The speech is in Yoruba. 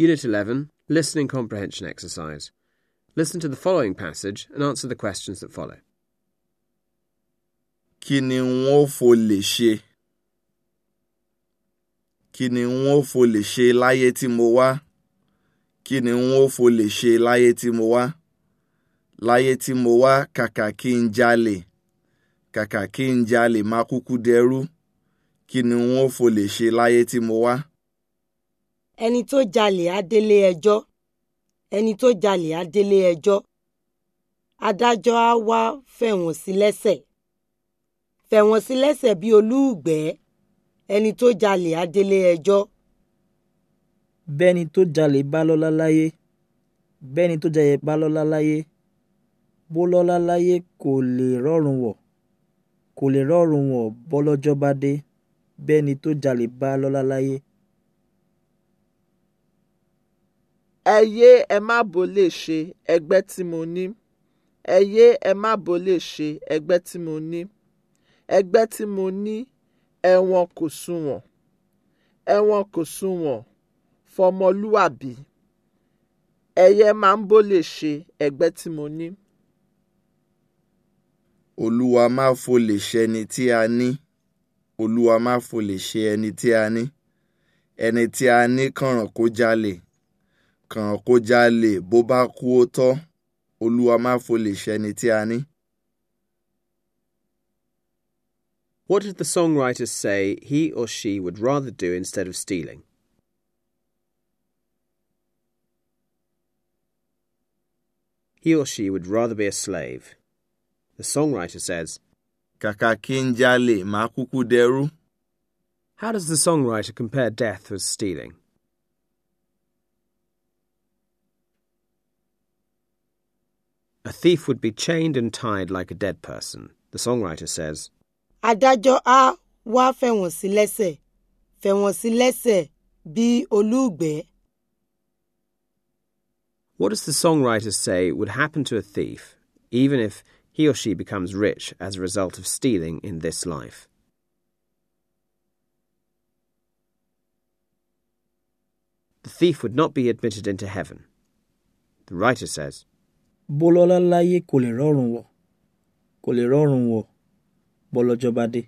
Unit 11 Listening Comprehension Exercise. Listen to the following passage and answer the questions that follow. Kí ni wọ́n fò lè ṣe? Kí ni wọ́n fò lè ṣe láyé tí mo wá? fò lè ṣe láyé tí mo wá? Láyé tí mo wá kàkà kí n jalè. Kàkà kí n jalè dẹrú. fò lè ṣe láyé tí mo wá? ẹni tó jalè á délé ẹjọ́ ẹni tó jalè á délé ẹjọ́ adájọ́ á wá fẹ̀wọ̀n sí lẹ́sẹ̀ fẹ̀wọ̀n sí lẹ́sẹ̀ bí olúùgbẹ́ ẹni tó jalè á délé ẹjọ́. bẹ́ni tó jalè bá lọ́lá láyé bẹ́ni tó jalè bá lọ́lá láyé bó lọ́lá láyé kò lè rọrùn wọ̀ kò lè rọrùn wọ̀ bọ́lọ́jọ́ bá dé bẹ́ni tó jalè bá lọ́lá láyé. ẹ yéé ẹ má bò lè ṣe ẹgbẹ́ tí mo ní ẹ yéé ẹ má bò lè ṣe ẹgbẹ́ tí mo ní ẹgbẹ́ tí mo ní ẹ̀wọ̀n kò sunwọ̀n ẹ̀wọ̀n kò sunwọ̀n fọmọlúàbí ẹ̀yẹ máa ń bò lè ṣe ẹgbẹ́ tí mo ní. olúwa má fò lè ṣe ẹni tí a ní olúwa má fò lè ṣe ẹni tí a ní ẹni tí a ní kànràn kó jalè kan kó jalè bó bá kú ó tọ́ olúwa má folè ṣẹni tí a ní. What did the songwriters say he or she would rather do instead of stealing? He or she would rather be a slave. The songwriter says, Kàkà kí jalè, màá dẹrú. How does the songwriter compare death with stealing? A thief would be chained and tied like a dead person, the songwriter says. Adájọ́ á wá fẹ̀wọ̀n sí lẹ́sẹ̀, fẹ̀wọ̀n sí lẹ́sẹ̀ bí What does the songwriter say would happen to a thief, even if he or she becomes rich as a result of stealing in this life? The thief would not be admitted into heaven. The writer says, bólọ́lá láyé kò lè rọ́rùn wọ̀ kò lè rọ́rùn wọ̀ bọ́lọ́jọ́ bá dé